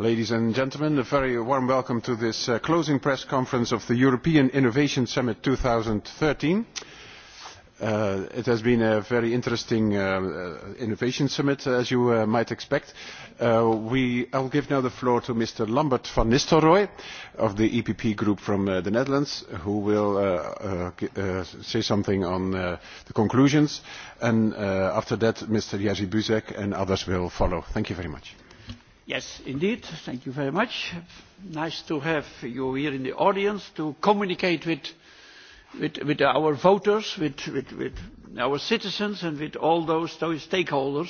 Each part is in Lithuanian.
ladies and gentlemen a very warm welcome to this uh, closing press conference of the european innovation summit. two thousand and thirteen uh, it has been a very interesting uh, uh, innovation summit as you uh, might expect. i uh, will give now the floor to mr lambert van nistelrooij of the epp group from the netherlands who will say something on the conclusions and after that mr jerzy buzek and others will follow. thank you very much. Yes, indeed. Thank you very much. Nice to have you here in the audience to communicate with, with, with our voters, with, with, with our citizens, and with all those, those stakeholders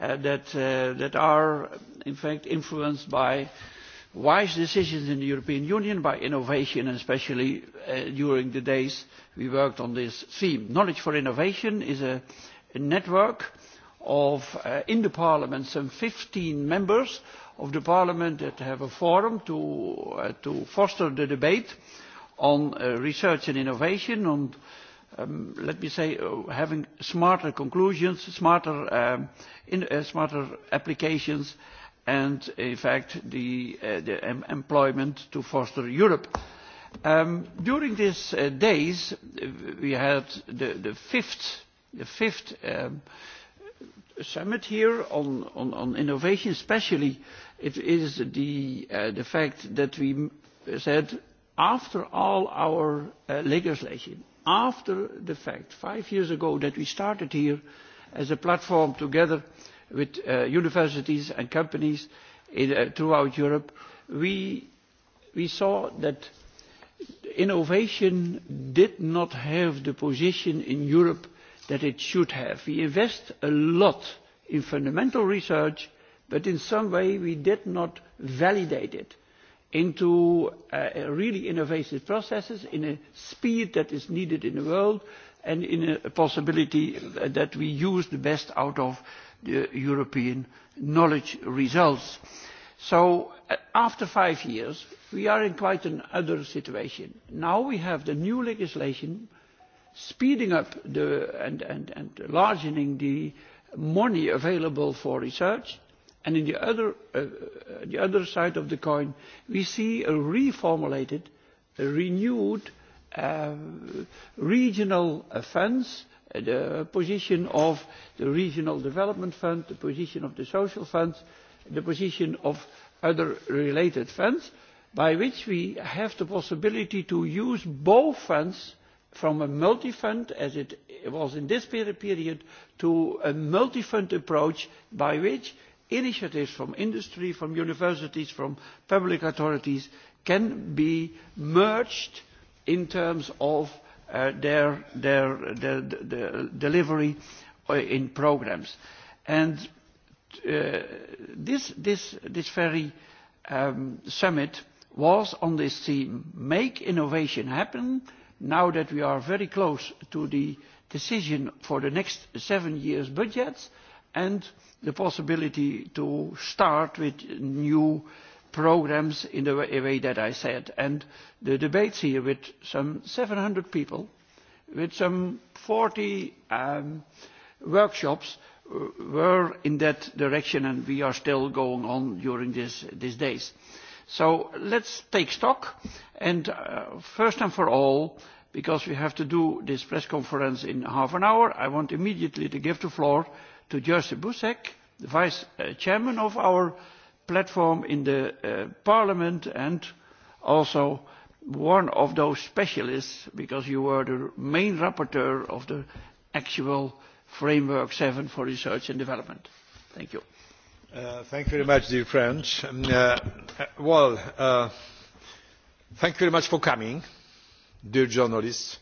uh, that, uh, that are, in fact, influenced by wise decisions in the European Union, by innovation, and especially uh, during the days we worked on this theme. Knowledge for Innovation is a, a network uh, of uh, in the parliament some 15 members of the parliament that have a forum to, uh, to foster the debate on uh, research and innovation, on, um, let me say, uh, having smarter conclusions, smarter, um, in, uh, smarter applications, and in fact the, uh, the em employment to foster Europe. Um, during these uh, days, uh, we had the, the fifth, the fifth um, uh, summit here on, on, on innovation, especially it is the, uh, the fact that we said after all our uh, legislation, after the fact, five years ago, that we started here as a platform together with uh, universities and companies in, uh, throughout Europe, we, we saw that innovation did not have the position in Europe that it should have. We invest a lot in fundamental research, but in some way we did not validate it into uh, really innovative processes in a speed that is needed in the world and in a possibility that we use the best out of the European knowledge results. So uh, after five years, we are in quite another situation. Now we have the new legislation uh, speeding up the, and, and, and largening the money available for research. And in the other, uh, uh the other side of the coin, we see a reformulated, a renewed uh, regional uh, funds, uh, the position of the regional development fund, the position of the social fund, the position of other related funds, by which we have the possibility to use both funds from a multi fund as it was in this period to a multi fund approach by which initiatives from industry from universities from public authorities can be merged in terms of uh, their, their, their, their delivery uh, in programs. And uh, this, this, this very um, summit was on this theme, make innovation happen, uh, now that we are very close to the decision for the next seven years' budget and the possibility to start with new programmes in the way that I said. And the debates here with some 700 people, with some 40 um, workshops, uh, were in that direction and we are still going on during this, these days. Uh, So let's take stock, and uh, first and for all, because we have to do this press conference in half an hour, I want immediately to give the floor to Jerzy Busek, the Vice uh, Chairman of our platform in the uh, Parliament and also one of those specialists, because you were the main rapporteur of the actual Framework 7 for Research and Development. Thank you. Uh, thank you very much, dear friends. Um, uh, uh, well, uh, thank you very much for coming, dear journalists.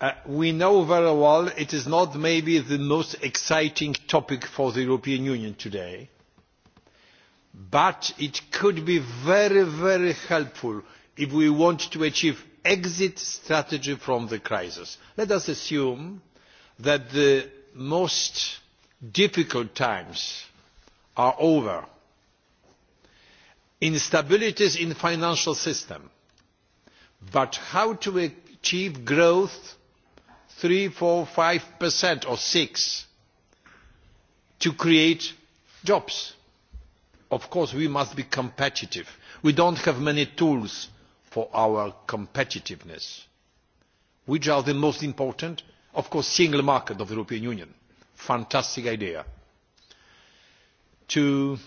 Uh, we know very well it is not maybe the most exciting topic for the European Union today, but it could be very, very helpful if we want to achieve exit strategy from the crisis. Let us assume that the most difficult times are over instabilities in the financial system but how to achieve growth three four five percent or six to create jobs of course we must be competitive we don't have many tools for our competitiveness which are the most important of course single market of the european union fantastic idea to,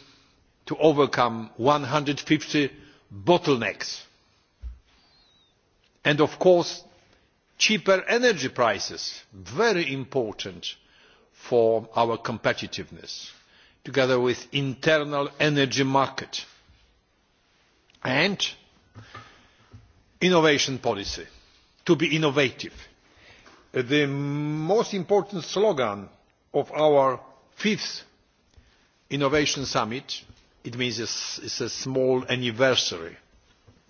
to overcome 150 bottlenecks. And of course, cheaper energy prices, very important for our competitiveness, together with internal energy market and innovation policy, to be innovative. The most important slogan of our fifth Innovation Summit, it means it's, it's a small anniversary.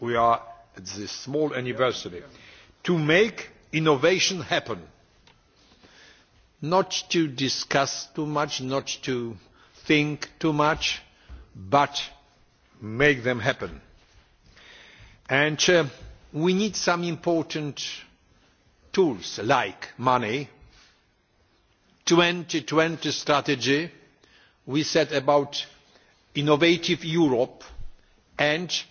We are at this small anniversary. To make innovation happen. Not to discuss too much, not to think too much, but make them happen. And uh, we need some important tools like money, 2020 strategy, we said about innovative europe and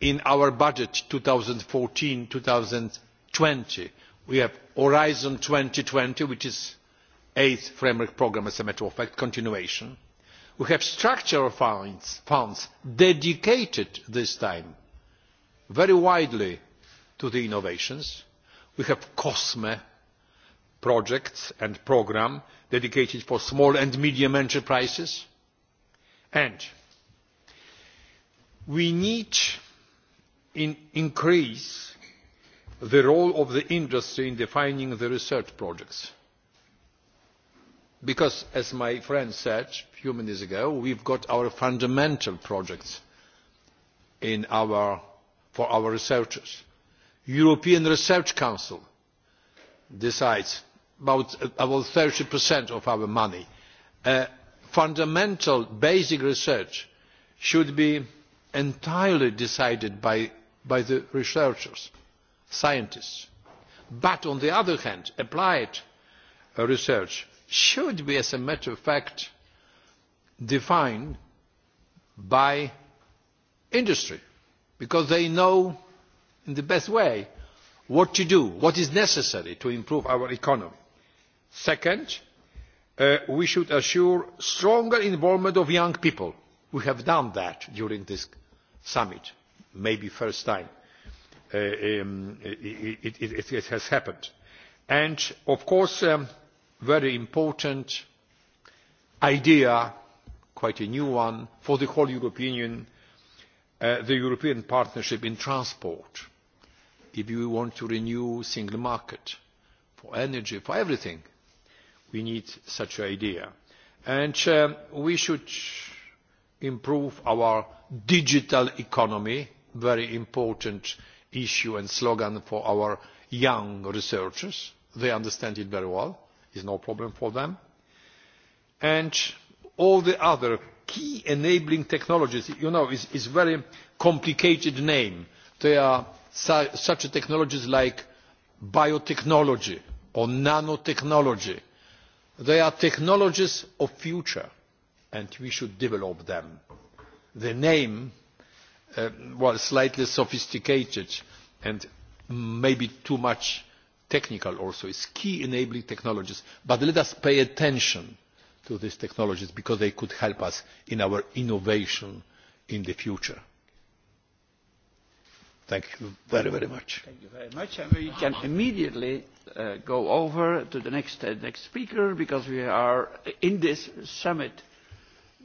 in our budget two thousand and fourteen two thousand and twenty we have horizon two thousand and twenty which is the eighth framework programme as a matter of fact a continuation. we have structural funds dedicated this time very widely to innovations. we have cosme projects and programme dedicated for small and medium enterprises and we need to increase the role of the industry in defining the research projects because as my friend said a few minutes ago we have got our fundamental projects our, for our researchers. the european research council decides about, about 30% of our money. Uh, fundamental basic research should be entirely decided by, by the researchers, scientists. But on the other hand, applied research should be, as a matter of fact, defined by industry, because they know in the best way what to do, what is necessary to improve our economy second uh, we should assure stronger involvement of young people we have done that during this summit maybe the first time uh, um, it has happened and of course a um, very important idea quite a new one for the whole european union uh, the european partnership in transport if you want to renew the single market for energy for everything we need such an idea. And uh, we should improve our digital economy, very important issue and slogan for our young researchers. They understand it very well. It's no problem for them. And all the other key enabling technologies, you know, it's, it's very complicated name. They are su such technologies like biotechnology or nanotechnology They are technologies of future, and we should develop them. The name uh, was slightly sophisticated and maybe too much technical also. It's key enabling technologies. But let us pay attention to these technologies because they could help us in our innovation in the future. Thank you very, very much. Thank you very much. And we can immediately uh, go over to the next, uh, next speaker because we are in this summit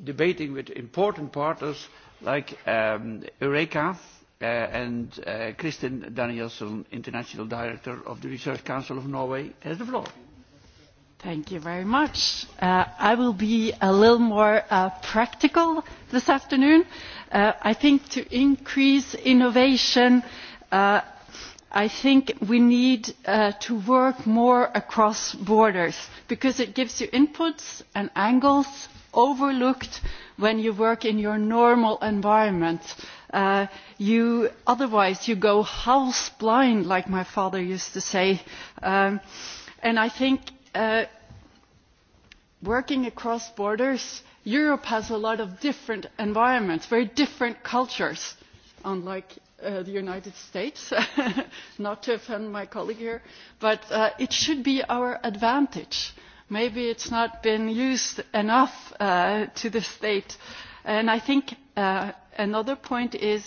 debating with important partners like um, Eureka uh, and uh, Kristin Danielsen, International Director of the Research Council of Norway, has the floor. Thank you. Thank you very much. Uh, I will be a little more uh, practical this afternoon. Uh, I think to increase innovation, uh, I think we need uh, to work more across borders because it gives you inputs and angles overlooked when you work in your normal environment. Uh, you, otherwise, you go house blind, like my father used to say. Um, and I think Uh, working across borders, Europe has a lot of different environments, very different cultures, unlike uh, the United States, not to offend my colleague here, but uh, it should be our advantage. Maybe it's not been used enough uh, to the state. And I think uh, another point is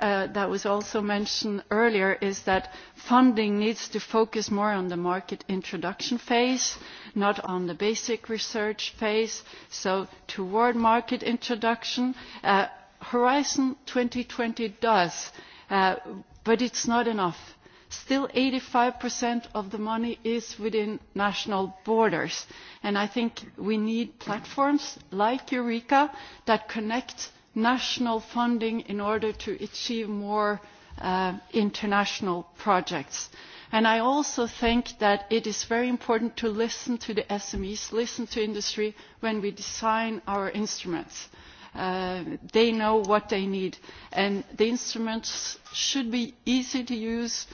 uh, that was also mentioned earlier is that funding needs to focus more on the market introduction phase, not on the basic research phase. So toward market introduction, uh, Horizon 2020 does, uh, but it's not enough. Still, 85% of the money is within national borders. And I think we need platforms like Eureka that connect uh, national funding in order to achieve more uh, international projects. And I also think that it is very important to listen to the SMEs, listen to industry when we design our instruments. Uh, they know what they need. And the instruments should be easy to use.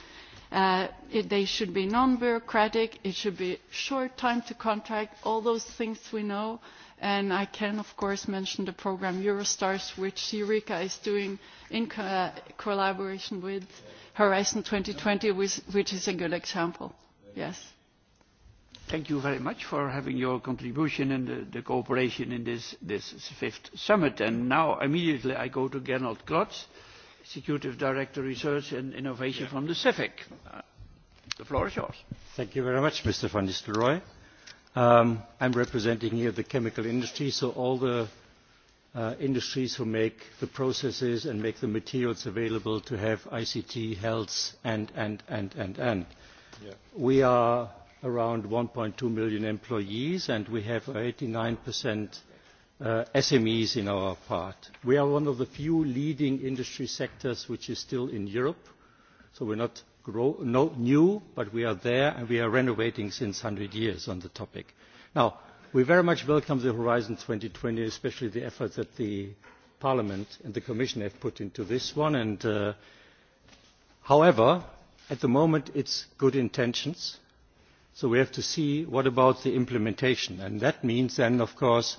Uh, it, they should be non-bureaucratic. It should be short time to contract, all those things we know and i can of course mention the programme eurostars which eureka is doing in co uh, collaboration with horizon two thousand and twenty which is a good example. yes. thank you very much for having your contribution and the, the cooperation in this, this fifth summit. and now immediately i go to gernot klotz, executive director research and innovation yeah. from the cefic. Uh, the floor is yours. thank you very much mr van nistelrooij Um, I'm representing here the chemical industry, so all the uh, industries who make the processes and make the materials available to have ICT, health, and, and, and, and, and. Yeah. We are around 1.2 million employees, and we have 89% uh, SMEs in our part. We are one of the few leading industry sectors which is still in Europe, so we're not grow, not new, but we are there and we are renovating since 100 years on the topic. Now, we very much welcome the Horizon 2020, especially the effort that the Parliament and the Commission have put into this one. And, uh, however, at the moment it's good intentions. So we have to see what about the implementation. And that means then, of course,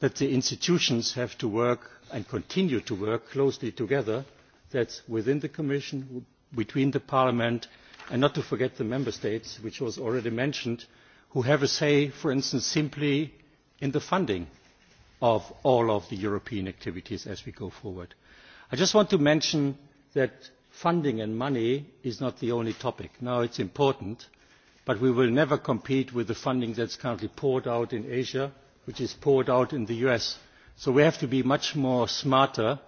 that the institutions have to work and continue to work closely together. That's within the Commission, between the parliament and not to forget the member states which was already mentioned who have a say for instance simply in the funding of all of the european activities as we go forward. i just want to mention that funding and money is not the only topic. it is important but we will never compete with the funding that is currently poured out in asia which is poured out in the us so we have to be much more smarter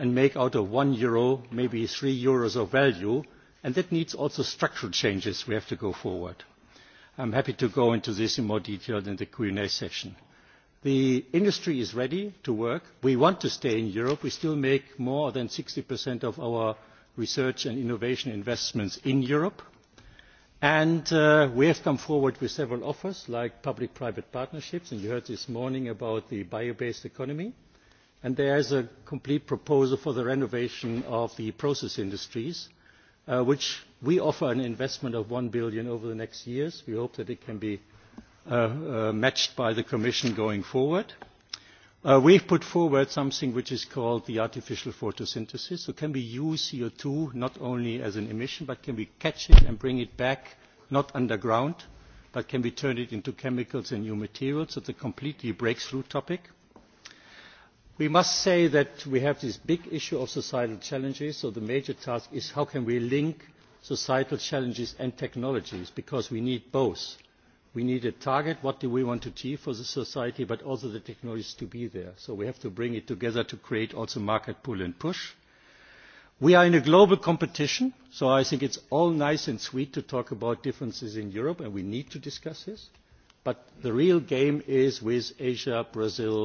and make out of one euro maybe three euros of value and that needs also structural changes we have to go forward. i am happy to go into this in more detail in the q and a session. the industry is ready to work. we want to stay in europe. we still make more than sixty of our research and innovation investments in europe and uh, we have come forward with several offers like public private partnerships and you heard this morning about the bio based economy and there is a complete proposal for the renovation of the process industries, uh, which we offer an investment of 1 billion over the next years. We hope that it can be uh, uh, matched by the Commission going forward. Uh, we've put forward something which is called the artificial photosynthesis. So can we use CO2 not only as an emission, but can we catch it and bring it back, not underground, but can we turn it into chemicals and new materials? It's a completely breakthrough topic. Uh, we must say that we have this big issue of societal challenges so the major task is how can we link societal challenges and technologies because we need both. we need a target what do we want to achieve for society but also the technologies to be there so we have to bring it together to create also market pull and push. we are in a global competition so i think it is all nice and sweet to talk about differences in europe and we need to discuss this but the real game is with asia brazil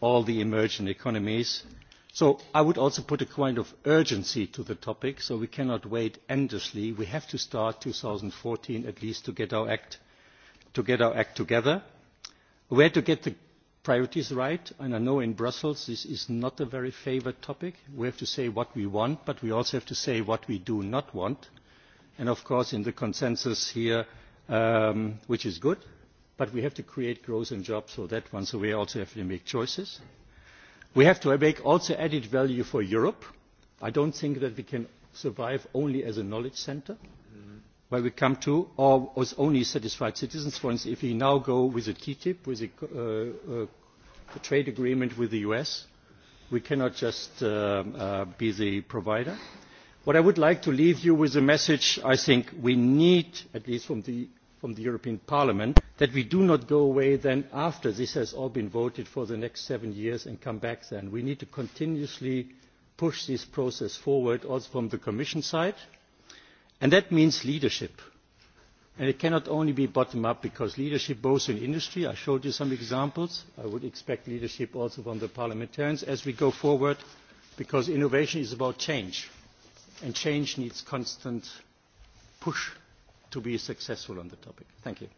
all the emerging economies. so i would also put a kind of urgency to the topic so we cannot wait endlessly. we have to start two thousand and fourteen at least to get our act, to get our act together. we had to get the priorities right and i know in brussels this is not a very favoured topic. we have to say what we want but we also have to say what we do not want and of course in the consensus here um, which is good but we have to create growth and jobs for that one, so we also have to make choices. We have to make also added value for Europe. I don't think that we can survive only as a knowledge centre mm-hmm. where we come to or as only satisfied citizens. For instance, if we now go with a TTIP, with a, uh, uh, a trade agreement with the US, we cannot just uh, uh, be the provider. What I would like to leave you with a message I think we need, at least from the from the European Parliament that we do not go away then after this has all been voted for the next seven years and come back then. We need to continuously push this process forward also from the Commission side. And that means leadership. And it cannot only be bottom up because leadership both in industry, I showed you some examples, I would expect leadership also from the parliamentarians as we go forward because innovation is about change and change needs constant push to be successful on the topic. Thank you.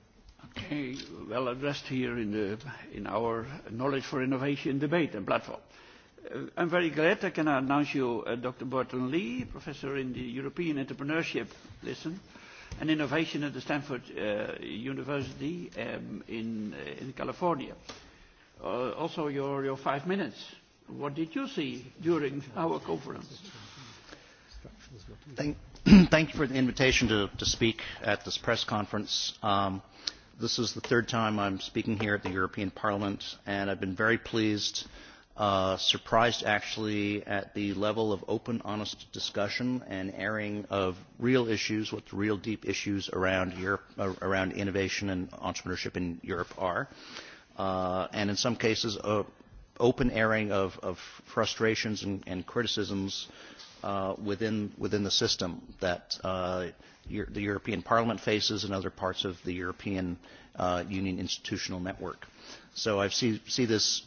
Okay, well addressed here in, the, in our Knowledge for Innovation debate and platform. Uh, I'm very glad I can announce you uh, Dr. Burton Lee, professor in the European Entrepreneurship, listen, and Innovation at the Stanford uh, University um, in, uh, in California. Uh, also, your, your five minutes. What did you see during our conference? Thank, thank you for the invitation to, to speak at this press conference. Um, this is the third time I'm speaking here at the European Parliament, and I've been very pleased, uh, surprised actually, at the level of open, honest discussion and airing of real issues, what the real deep issues around, Europe, uh, around innovation and entrepreneurship in Europe are, uh, and in some cases, uh, open airing of, of frustrations and, and criticisms uh, uh, within, within the system that uh, your, the European Parliament faces and other parts of the European uh, Union institutional network. So I see, see this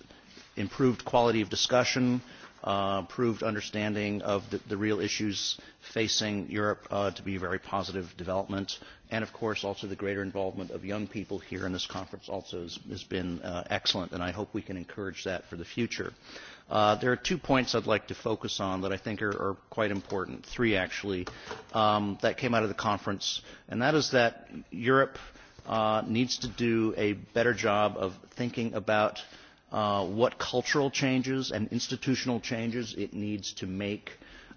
improved quality of discussion, uh, improved understanding of the, the real issues facing Europe uh, to be a very positive development. And of course, also the greater involvement of young people here in this conference also has, has been uh, excellent, and I hope we can encourage that for the future. Uh, Uh, there are two points I'd like to focus on that I think are, are quite important, three actually, um, that came out of the conference, and that is that Europe uh, needs to do a better job of thinking about uh, what cultural changes and institutional changes it needs to make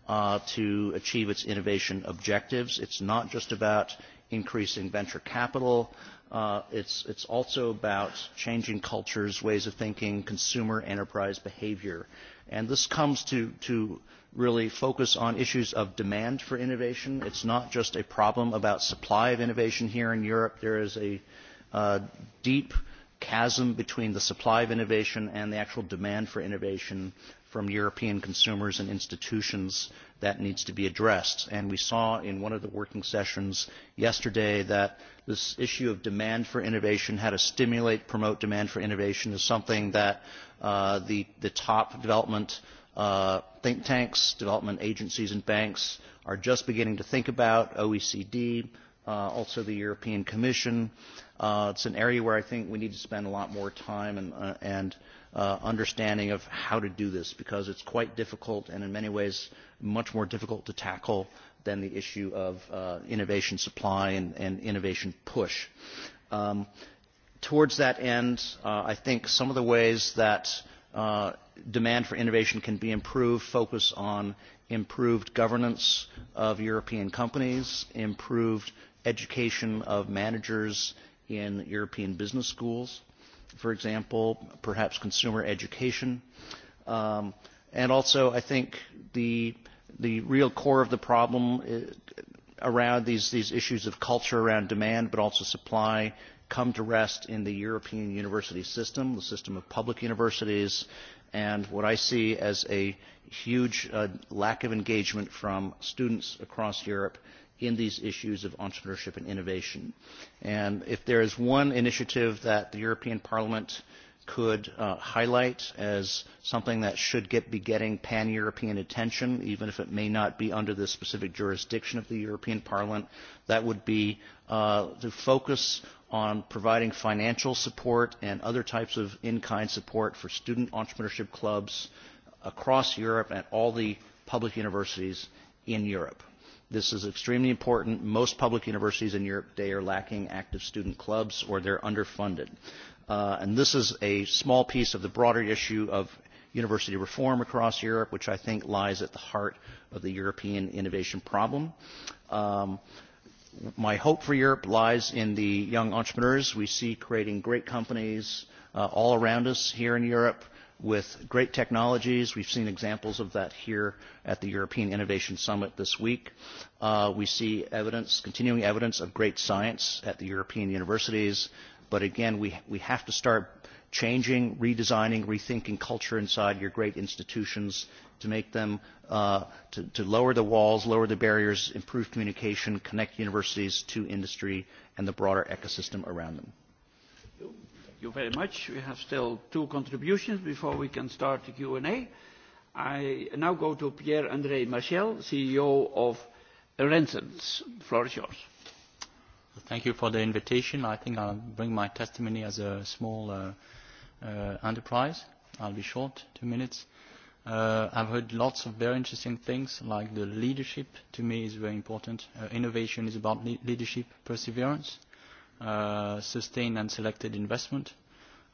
uh, to achieve its innovation objectives. It's not just about increasing venture capital. Uh, Uh, it's, it's also about changing cultures, ways of thinking, consumer enterprise behavior. And this comes to, to really focus on issues of demand for innovation. It's not just a problem about supply of innovation here in Europe. There is a uh, deep chasm between the supply of innovation and the actual demand for innovation from European consumers and institutions that needs to be addressed. And we saw in one of the working sessions yesterday that this issue of demand for innovation, how to stimulate, promote demand for innovation is something that uh, the, the top development uh, think tanks, development agencies and banks are just beginning to think about, OECD, uh, also the European Commission. Uh, it's an area where I think we need to spend a lot more time and, uh, and uh, uh, understanding of how to do this because it's quite difficult and in many ways much more difficult to tackle than the issue of uh, innovation supply and, and innovation push. Um, towards that end, uh, I think some of the ways that uh, demand for innovation can be improved focus on improved governance of European companies, improved education of managers in European business schools, for example, perhaps consumer education. Um, and also, I think the the real core of the problem uh, around these these issues of culture around demand, but also supply, come to rest in the European university system, the system of public universities, and what I see as a huge uh, lack of engagement from students across Europe in these issues of entrepreneurship and innovation. And if there is one initiative that the European Parliament could uh, highlight as something that should get, be getting pan-European attention, even if it may not be under the specific jurisdiction of the European Parliament, that would be uh, to focus on providing financial support and other types of in-kind support for student entrepreneurship clubs across Europe at all the public universities in Europe. This is extremely important. Most public universities in Europe today are lacking active student clubs or they're underfunded. Uh, and this is a small piece of the broader issue of university reform across Europe, which I think lies at the heart of the European innovation problem. Um, my hope for Europe lies in the young entrepreneurs we see creating great companies uh, all around us here in Europe with great technologies. We've seen examples of that here at the European Innovation Summit this week. Uh, we see evidence, continuing evidence of great science at the European universities. But again, we, we have to start changing, redesigning, rethinking culture inside your great institutions to make them, uh, to, to lower the walls, lower the barriers, improve communication, connect universities to industry and the broader ecosystem around them you very much. We have still two contributions before we can start the Q&A. I now go to Pierre-André Marchel, CEO of Renzens. The floor is yours. Thank you for the invitation. I think I'll bring my testimony as a small uh, uh, enterprise. I'll be short, two minutes. Uh, I've heard lots of very interesting things, like the leadership to me is very important. Uh, innovation is about le leadership, perseverance uh, sustained and selected investment.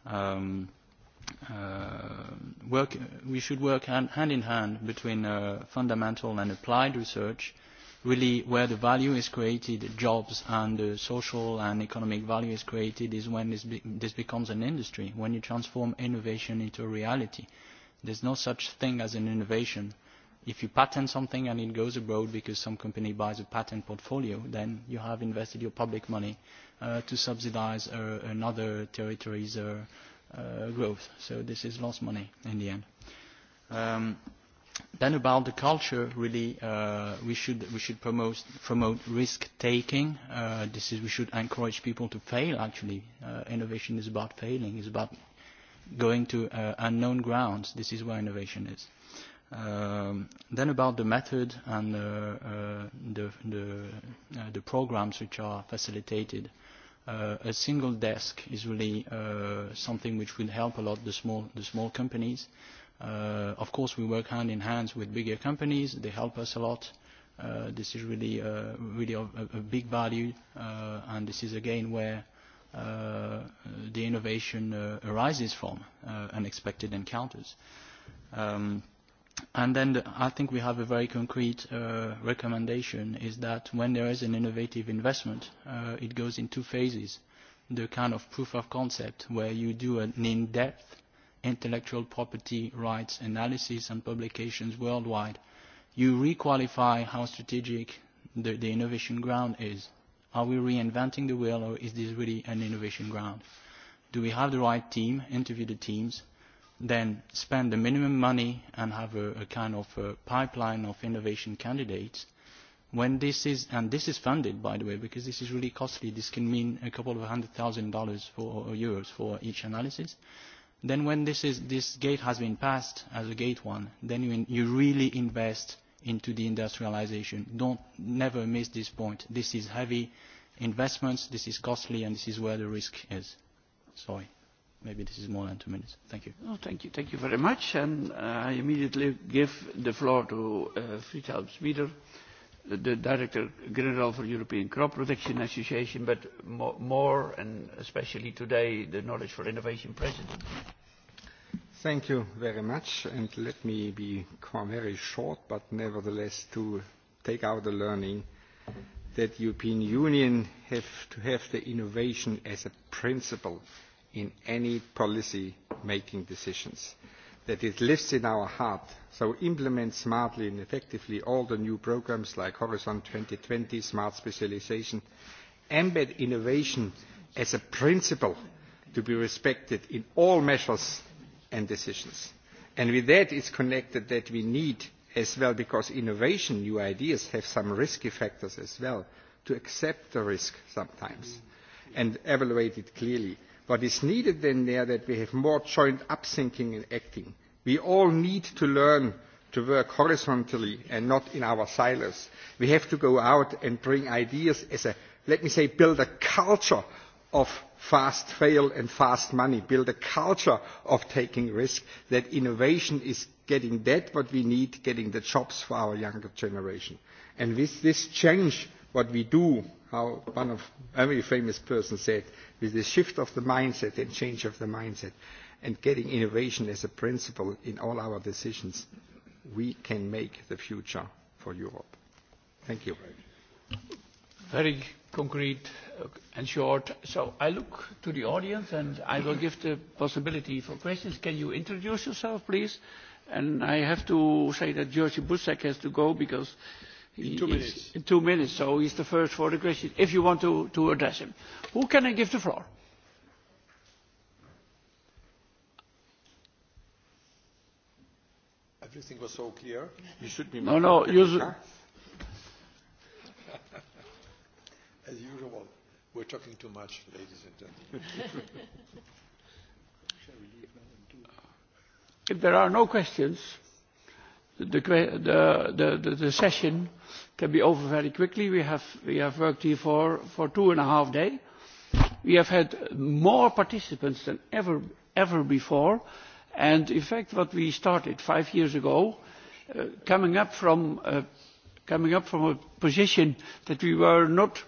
Um, uh, work, we should work hand, hand in hand between uh, fundamental and applied research, really where the value is created, jobs and the uh, social and economic value is created is when this, be this becomes an industry, when you transform innovation into reality. There's no such thing as an innovation uh, if you patent something and it goes abroad because some company buys a patent portfolio, then you have invested your public money uh, to subsidize uh, another territory's uh, uh, growth. So this is lost money in the end. Um, then about the culture, really, uh, we should, we should promote, promote risk-taking. Uh, this is, we should encourage people to fail, actually. Uh, innovation is about failing. It's about going to uh, unknown grounds. This is where innovation is. Uh, Um, then about the method and uh, uh, the, the, uh, the programs which are facilitated. Uh, a single desk is really uh, something which will help a lot the small, the small companies. Uh, of course, we work hand in hand with bigger companies. They help us a lot. Uh, this is really, uh, really a, a big value, uh, and this is again where uh, the innovation uh, arises from uh, unexpected encounters. Um, And then the, I think we have a very concrete uh, recommendation is that when there is an innovative investment, uh, it goes in two phases. The kind of proof of concept where you do an in-depth intellectual property rights analysis and publications worldwide. You requalify how strategic the, the innovation ground is. Are we reinventing the wheel or is this really an innovation ground? Do we have the right team, interview the teams, then spend the minimum money and have a, a kind of a pipeline of innovation candidates when this is and this is funded by the way because this is really costly this can mean a couple of hundred thousand dollars for or euros for each analysis then when this is this gate has been passed as a gate one then you, in, you really invest into the industrialization don't never miss this point this is heavy investments this is costly and this is where the risk is sorry maybe this is more than two minutes. Thank you. Oh, thank you. Thank you very much. And uh, I immediately give the floor to uh, Friedhelm Schmieder, the Director General for European Crop Protection Association, but mo more and especially today, the Knowledge for Innovation President. Thank you very much. And let me be very short, but nevertheless to take out the learning that European Union have to have the innovation as a principle in any policy making decisions, that it lives in our heart, so implement smartly and effectively all the new programs like Horizon 2020, Smart Specialization, embed innovation as a principle to be respected in all measures and decisions. And with that it's connected that we need as well, because innovation, new ideas have some risky factors as well, to accept the risk sometimes and evaluate it clearly What is needed then there that we have more joint upthinking and acting. We all need to learn to work horizontally and not in our silos. We have to go out and bring ideas as a, let me say, build a culture of fast fail and fast money, build a culture of taking risk, that innovation is getting that what we need, getting the jobs for our younger generation. And with this change what we do, how one of very famous person said, with the shift of the mindset and change of the mindset and getting innovation as a principle in all our decisions, we can make the future for Europe. Thank you. Very concrete uh, and short. So I look to the audience and I will give the possibility for questions. Can you introduce yourself, please? And I have to say that Georgi Busek has to go because uh, In two minutes. In two minutes, so he's the first for the question, if you want to, to address him. Who can I give the floor? Everything was so clear. You should be... No, no, you... As usual, we're talking too much, ladies and gentlemen. Shall we leave now? If there are no questions, the, the, the, the session can be over very quickly. We have, we have worked here for, for two and a half days. We have had more participants than ever, ever before. And in fact, what we started five years ago, uh, coming, up from, uh, coming up from a position that we were not,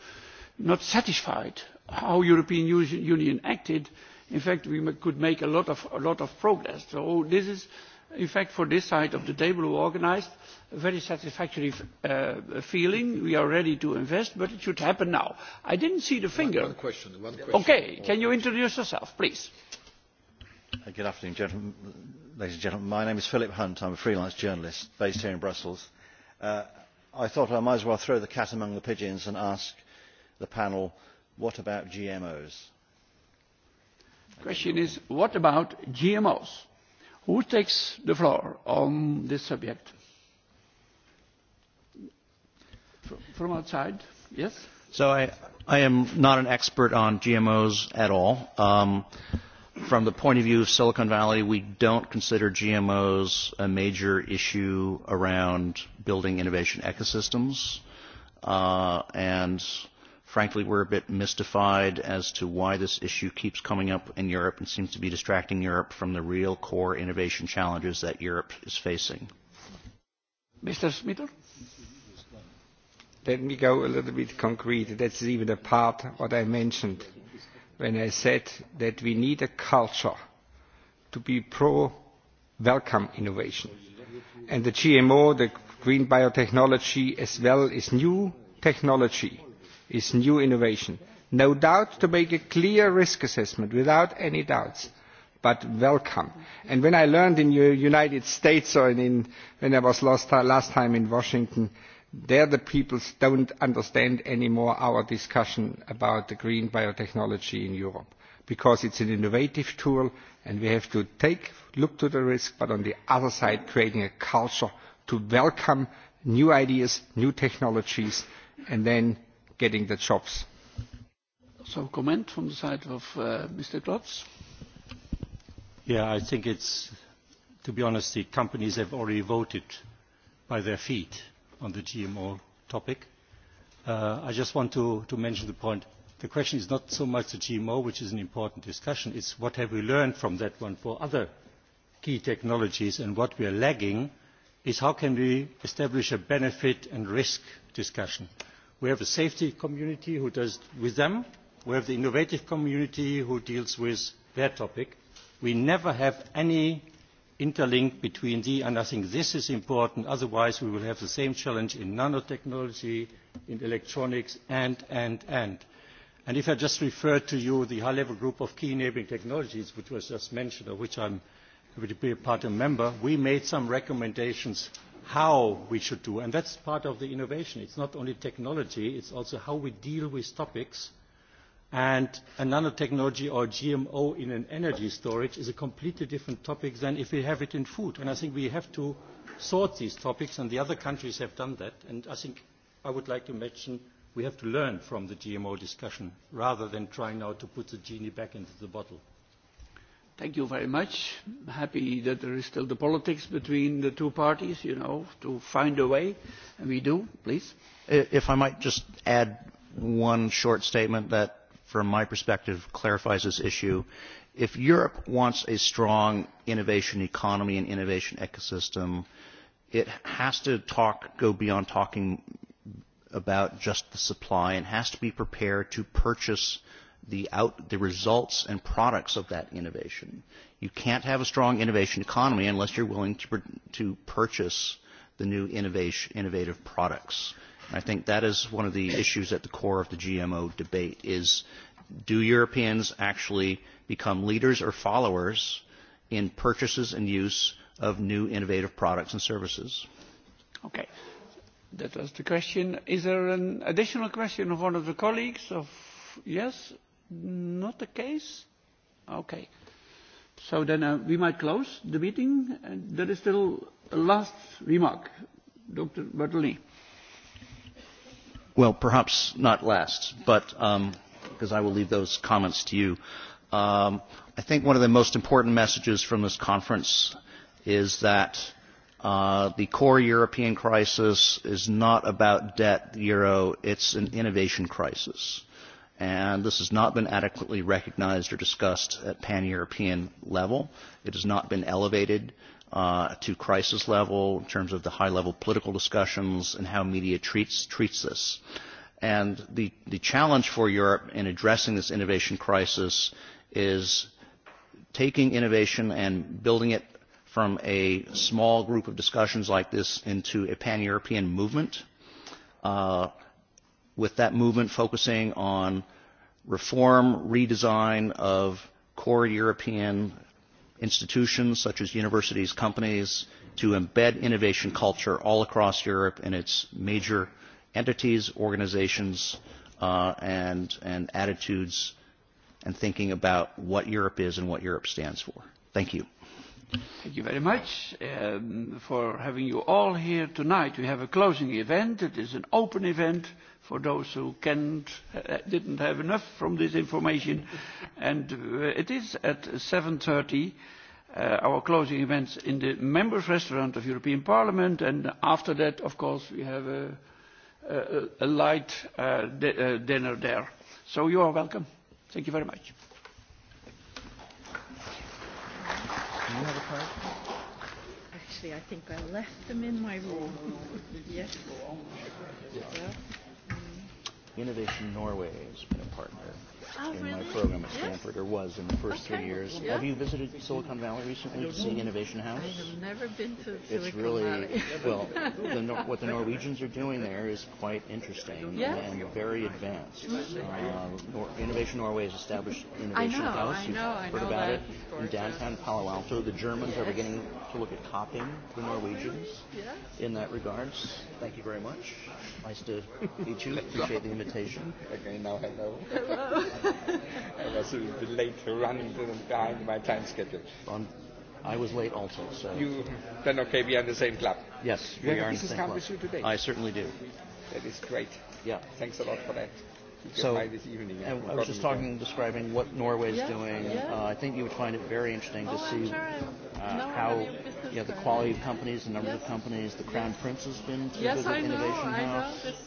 not satisfied how European Union acted, in fact, we could make a lot of, a lot of progress. So this is in fact for this side of the table who organised a very satisfactory uh, feeling. We are ready to invest, but it should happen now. I didn't see the finger. One, one question, one question. Okay, can you introduce yourself, please? Good afternoon, gentlemen, ladies and gentlemen. My name is Philip Hunt. I'm a freelance journalist based here in Brussels. Uh, I thought I might as well throw the cat among the pigeons and ask the panel, what about GMOs? The question is, what about GMOs? Who takes the floor on this subject? From outside, yes? So I, I am not an expert on GMOs at all. Um, from the point of view of Silicon Valley, we don't consider GMOs a major issue around building innovation ecosystems. Uh, and uh, frankly, we're a bit mystified as to why this issue keeps coming up in Europe and seems to be distracting Europe from the real core innovation challenges that Europe is facing. Mr. Smitter? Let me go a little bit concrete. That's even a part what I mentioned when I said that we need a culture to be pro-welcome innovation. And the GMO, the green biotechnology as well, is new technology is new innovation. No doubt to make a clear risk assessment without any doubts, but welcome. And when I learned in the United States or in, in, when I was last, last time in Washington, there the people don't understand anymore our discussion about the green biotechnology in Europe because it's an innovative tool and we have to take look to the risk but on the other side creating a culture to welcome new ideas new technologies and then getting the jobs. So comment from the side of uh, Mr. Klotz? Yeah, I think it's, to be honest, the companies have already voted by their feet on the GMO topic. Uh, I just want to, to mention the point. The question is not so much the GMO, which is an important discussion, it's what have we learned from that one for other key technologies and what we are lagging is how can we establish a benefit and risk discussion. Uh, we have a safety community who deals with them we have the innovative community who deals with their topic. we never have any interlink between these and i think this is important otherwise we will have the same challenge in nanotechnology in electronics and and and. and if i just refer to you the high level group of key enabling technologies which was just mentioned of which i am happy to be a part and member we made some recommendations how we should do and that's part of the innovation it's not only technology it's also how we deal with topics and nanotechnology or gmo in an energy storage is a completely different topic than if we have it in food and i think we have to sort these topics and the other countries have done that and i think i would like to mention we have to learn from the gmo discussion rather than trying now to put the genie back into the bottle. Thank you very much. I'm happy that there is still the politics between the two parties, you know, to find a way, and we do. Please. If I might just add one short statement that, from my perspective, clarifies this issue. If Europe wants a strong innovation economy and innovation ecosystem, it has to talk, go beyond talking about just the supply and has to be prepared to purchase uh, the out the results and products of that innovation. You can't have a strong innovation economy unless you're willing to to purchase the new innovation innovative products. And I think that is one of the issues at the core of the GMO debate is do Europeans actually become leaders or followers in purchases and use of new innovative products and services? Okay. That was the question. Is there an additional question of one of the colleagues? Of yes, not the case? Okay. So then uh, we might close the meeting. And there is still a last remark, Dr. Bertolini. Well, perhaps not last, but because um, I will leave those comments to you. Um, I think one of the most important messages from this conference is that uh, the core European crisis is not about debt, euro, it's an innovation crisis. Uh, and this has not been adequately recognized or discussed at pan-European level. It has not been elevated uh, to crisis level in terms of the high-level political discussions and how media treats, treats this. And the, the challenge for Europe in addressing this innovation crisis is taking innovation and building it from a small group of discussions like this into a pan-European movement. Uh, with that movement focusing on reform, redesign of core European institutions such as universities, companies, to embed innovation culture all across Europe in its major entities, organizations, uh, and, and attitudes and thinking about what Europe is and what Europe stands for. Thank you. Thank you very much um, for having you all here tonight. We have a closing event. It is an open event for those who can't, uh, didn't have enough from this information. And uh, it is at 7.30. Uh, our closing events in the members' restaurant of European Parliament. And after that, of course, we have a, a, a light uh, di uh, dinner there. So you are welcome. Thank you very much. Actually, I think I left them in my room. yes. Innovation Norway has been a partner oh, in really? my program at Stanford, yes? or was in the first okay. three years. Yeah. Have you visited Silicon Valley recently to see Innovation House? I have never been to it's Silicon really, Valley. well, the Nor- what the Norwegians are doing there is quite interesting yes? and, and very advanced. Mm-hmm. Uh, Nor- Innovation Norway has established Innovation I know, House. I You've know, heard I know about it. In downtown Palo Alto, the Germans yes. are beginning to look at copying the Norwegians oh, really? yes. in that regards. Thank you very much. Nice to meet you. Appreciate the invitation. Okay, now hello. Hello. I was a bit late running behind my time schedule. On, um, I was late also, so. You, then okay, we are in the same club. Yes, you we have are a in the same club. with you today. I certainly do. That is great. Yeah. Thanks a lot for that. You so, this evening. And I, I was just talking, again. describing what Norway is yeah, doing. Yeah. Uh, I think you would find it very interesting oh, to see sure. uh, how yeah, the quality of companies, the numbers yes. of companies, the Crown yes. Prince has been through yes, the I Innovation know, House. I know. This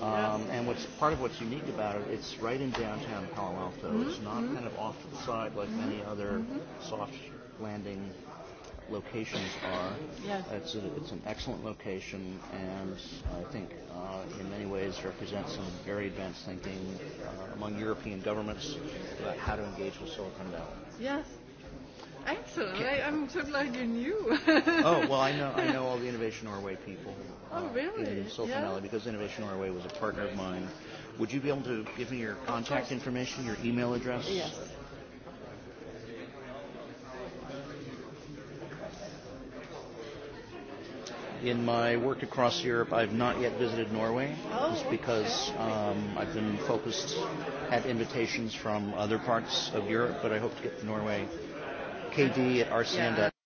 Um, and what's part of what's unique about it, it's right in downtown Palo Alto. Mm-hmm. It's not mm-hmm. kind of off to the side like mm-hmm. many other mm-hmm. soft landing locations are. Yes. It's, a, it's an excellent location, and I think uh, in many ways represents some very advanced thinking uh, among European governments about how to engage with Silicon Valley. Yes, Excellent. Yeah. I, I'm so glad you knew. oh well, I know I know all the Innovation Norway people. Uh, oh really? In Silicon yeah. Valley, because Innovation Norway was a partner of mine. Would you be able to give me your contact information, your email address? Yes. in my work across Europe, I've not yet visited Norway, oh, just because okay. um, I've been focused at invitations from other parts of Europe. But I hope to get to Norway OKD at RCN. Yeah.